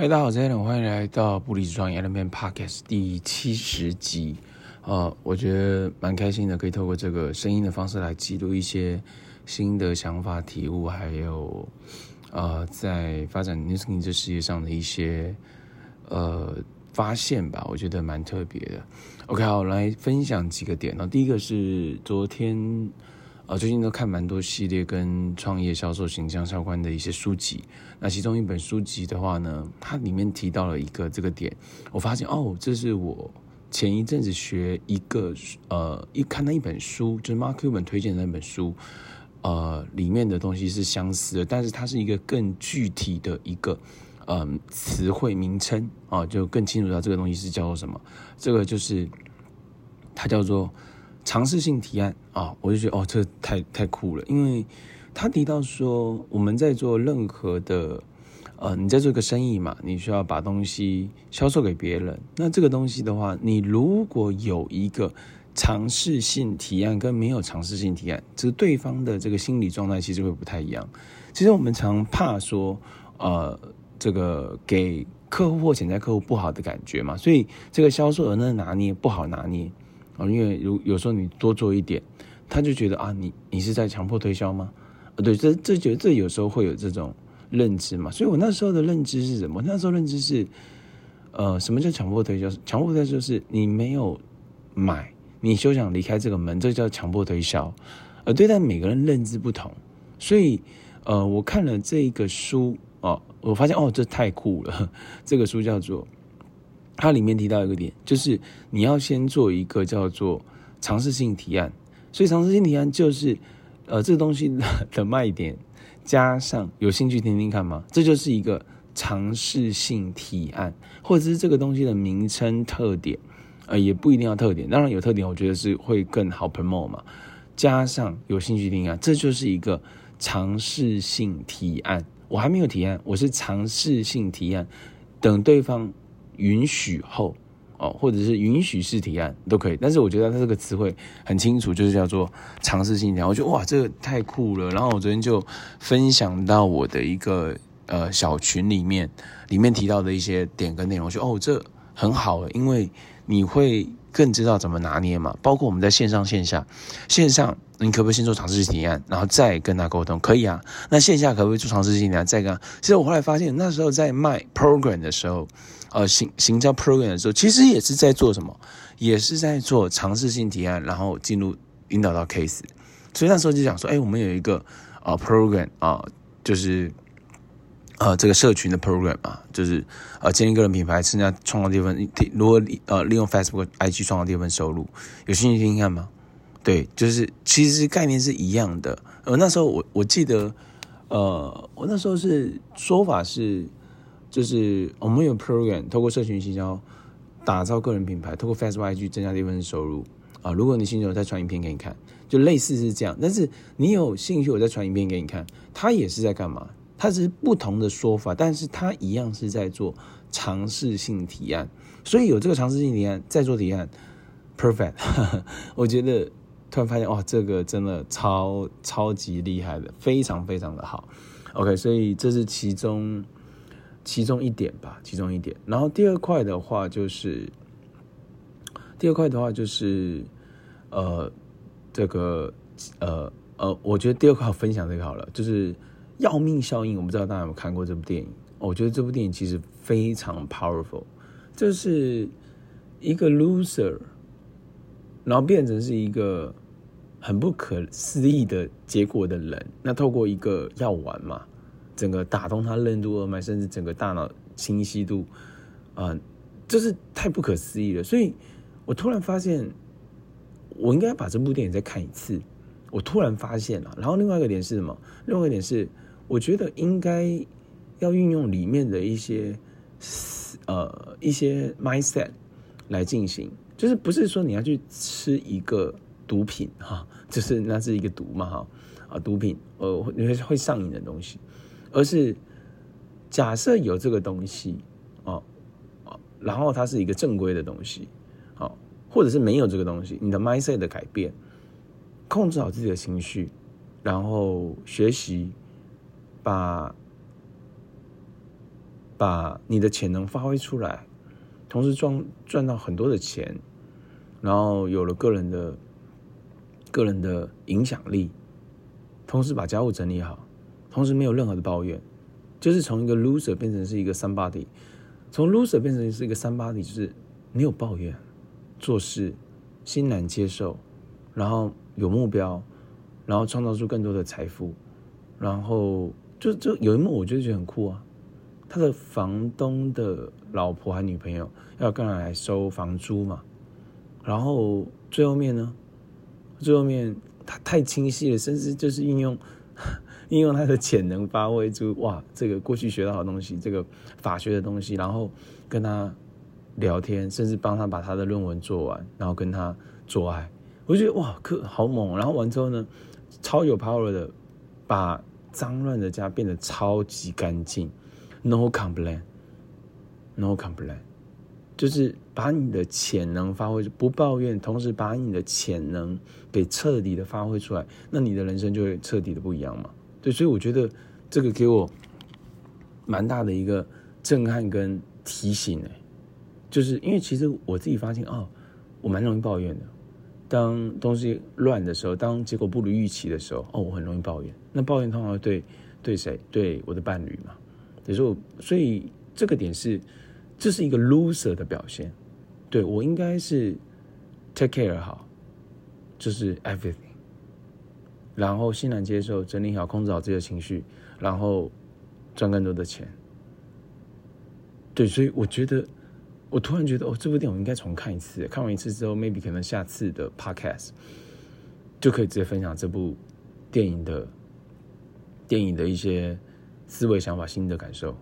嗨，Hi, 大家好，今天我是 Allen，歡迎來到不離職創業 Element Podcast 第七十集。呃，我覺得蠻開心的，可以透過這個聲音的方式來記錄一些新的想法、體悟，還有呃，在發展 newsing 這世界上的一些呃發現吧。我覺得蠻特別的。OK，好，來分享幾個點。第一個是昨天。啊，最近都看蠻多系列跟創業、銷售、形象相關的一些書籍。那其中一本書籍的話呢，它裡面提到了一個這個點，我發現哦，這是我前一陣子學一個呃，一看到一本書，就是 Mark Cuban 推薦的那本書，呃，裡面的東西是相似的，但是它是一個更具體的一個嗯、呃、詞彙名稱啊，就更清楚它這個東西是叫做什麼。這個就是它叫做。嘗試性提案啊，我就覺得哦，這太太酷了，因為他提到說，我們在做任何的，呃，你在做一個生意嘛，你需要把東西銷售給別人。那這個東西的話，你如果有一個嘗試性提案跟沒有嘗試性提案，這、就是、對方的這個心理狀態其實會不太一樣。其實我們常怕說，呃，這個給客戶或潛在客戶不好的感覺嘛，所以這個銷售額的拿捏不好拿捏。因為有有時候你多做一點，他就覺得啊，你你是在強迫推銷嗎？呃、對，這這覺得這有時候會有這種認知嘛。所以我那時候的認知是什麼？那時候認知是，呃，什麼叫強迫推銷？強迫推銷就是，你沒有買，你休想離開這個門，這叫強迫推銷。而、呃、對待每個人認知不同，所以呃，我看了這一個書哦、呃，我發現哦，這太酷了，這個書叫做。它裡面提到一個點，就是你要先做一個叫做嘗試性提案。所以嘗試性提案就是，呃，這個東西的、的賣點加上有興趣聽聽看嗎？這就是一個嘗試性提案，或者是這個東西的名稱特點，呃，也不一定要特點，當然有特點，我覺得是會更好 promote 嘛。加上有興趣聽聽看，這就是一個嘗試性提案。我還沒有提案，我是嘗試性提案，等對方。允許後哦，或者是允許式提案都可以，但是我覺得他這個詞彙很清楚，就是叫做嘗試性提案，然後我覺得哇，這個太酷了。然後我昨天就分享到我的一個呃小群裡面，裡面提到的一些點跟內容，我覺得哦，這很好，因為你會。更知道怎麼拿捏嘛，包括我們在線上線下，線上你可不可以先做嘗試性提案，然後再跟他溝通，可以啊。那線下可不可以做嘗試性提案，再跟、啊？其實我後來發現，那時候在賣 program 的時候，呃，行行銷 program 的時候，其實也是在做什麼，也是在做嘗試性提案，然後進入引導到 case。所以那時候就想說，哎、欸，我們有一個啊、呃、program 啊、呃，就是。呃，這個社群的 program 啊，就是呃建立個人品牌，增加創造第二份，如何呃利用 Facebook IG 創造第二份收入？有興趣聽聽看嗎？對，就是其實概念是一樣的。呃，那時候我我記得，呃，我那時候是說法是，就是我們有 program，透過社群營銷打造個人品牌，透過 Facebook IG 增加第二份收入。啊，呃，如果你有興趣，我再傳影片給你看，就類似是這樣。但是你有興趣，我再傳影片給你看，他也是在幹嘛？它是不同的說法，但是它一樣是在做嘗試性提案，所以有這個嘗試性提案在做提案，perfect。 我覺得突然發現哇，這個真的超超級厲害的，非常非常的好。OK，所以這是其中其中一點吧，其中一點。然後第二塊的話就是第二塊的話就是呃這個呃呃，我覺得第二塊我分享這個好了，就是。藥命效應，我不知道大家有沒有看過這部電影？Oh, 我覺得這部電影其實非常 powerful，就是一個 loser，然後變成是一個很不可思議的結果的人。那透過一個藥丸嘛，整個打通他任督二脈，甚至整個大腦清晰度，嗯、呃、這、就是太不可思議了。所以我突然發現，我應該把這部電影再看一次。我突然發現了、啊，然後另外一個點是什麼？另外一個點是。我覺得應該要運用裡面的一些呃一些 mindset 來進行，就是不是說你要去吃一個毒品哈、啊，就是那是一個毒嘛哈啊，毒品呃，你會會上癮的東西，而是假設有這個東西啊，然後它是一個正規的東西，啊，或者是沒有這個東西，你的 mindset 的改變，控制好自己的情緒，然後學習。把把你的潛能發揮出來，同時賺賺到很多的錢，然後有了個人的個人的影響力，同時把家務整理好，同時沒有任何的抱怨，就是從一個 loser 變成是一個 somebody，從 loser 變成是一個 somebody，就是沒有抱怨，做事欣然接受，然後有目標，然後創造出更多的財富，然後。就就有一幕，我就覺得很酷啊！他的房東的老婆還女朋友要跟來收房租嘛，然後最後面呢，最後面他太清晰了，甚至就是應用應用他的潛能發揮出，哇，這個過去學到的東西，這個法學的東西，然後跟他聊天，甚至幫他把他的論文做完，然後跟他做愛，我覺得哇，可好猛！然後完之後呢，超有 power 的把。髒亂的家變得超級乾淨，no complain，no complain，就是把你的潛能發揮，不抱怨，同時把你的潛能給徹底的發揮出來，那你的人生就會徹底的不一樣嘛。對，所以我覺得這個給我蠻大的一個震撼跟提醒哎，就是因為其實我自己發現哦，我蠻容易抱怨的。當東西亂的時候，當結果不如預期的時候，哦，我很容易抱怨。那抱怨通常會對，對誰？對我的伴侶嘛。也是我，所以這個點是，這是一個 loser 的表現。對，我應該是 take care 好，就是 everything，然後欣然接受，整理好，控制好自己的情緒，然後賺更多的錢。對，所以我覺得。我突然覺得，哦，這部電影我應該重看一次。看完一次之後，maybe 可能下次的 podcast 就可以直接分享這部電影的電影的一些思維想法、新的感受。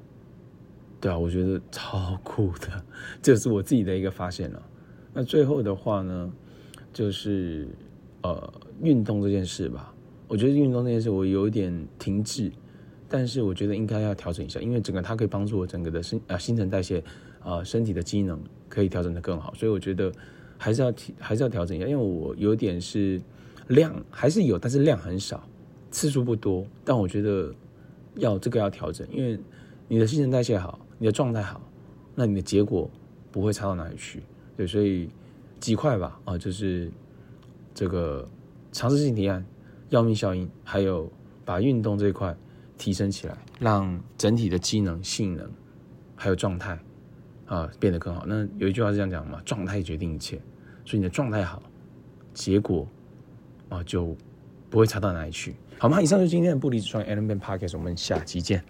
對啊，我覺得超酷的，這是我自己的一個發現啊。那最後的話呢，就是呃，運動這件事吧，我覺得運動這件事我有一點停滯。但是我覺得應該要調整一下，因為整個它可以幫助我整個的生啊、呃、新陳代謝啊、呃、身體的機能可以調整得更好，所以我覺得還是要還是要調整一下，因為我有點是量還是有，但是量很少，次數不多，但我覺得要這個要調整，因為你的新陳代謝好，你的狀態好，那你的結果不會差到哪裡去。對，所以幾塊吧，啊、呃，就是這個嘗試性提案，藥命效應，還有把運動這一塊。提升起來，讓整體的機能、性能，還有狀態，啊、呃，變得更好。那有一句話是這樣講嘛：狀態決定一切。所以你的狀態好，結果，啊、呃，就不會差到哪裡去，好嗎？以上就是今天的不離職創業 Allen Ben Podcast，我們下期見。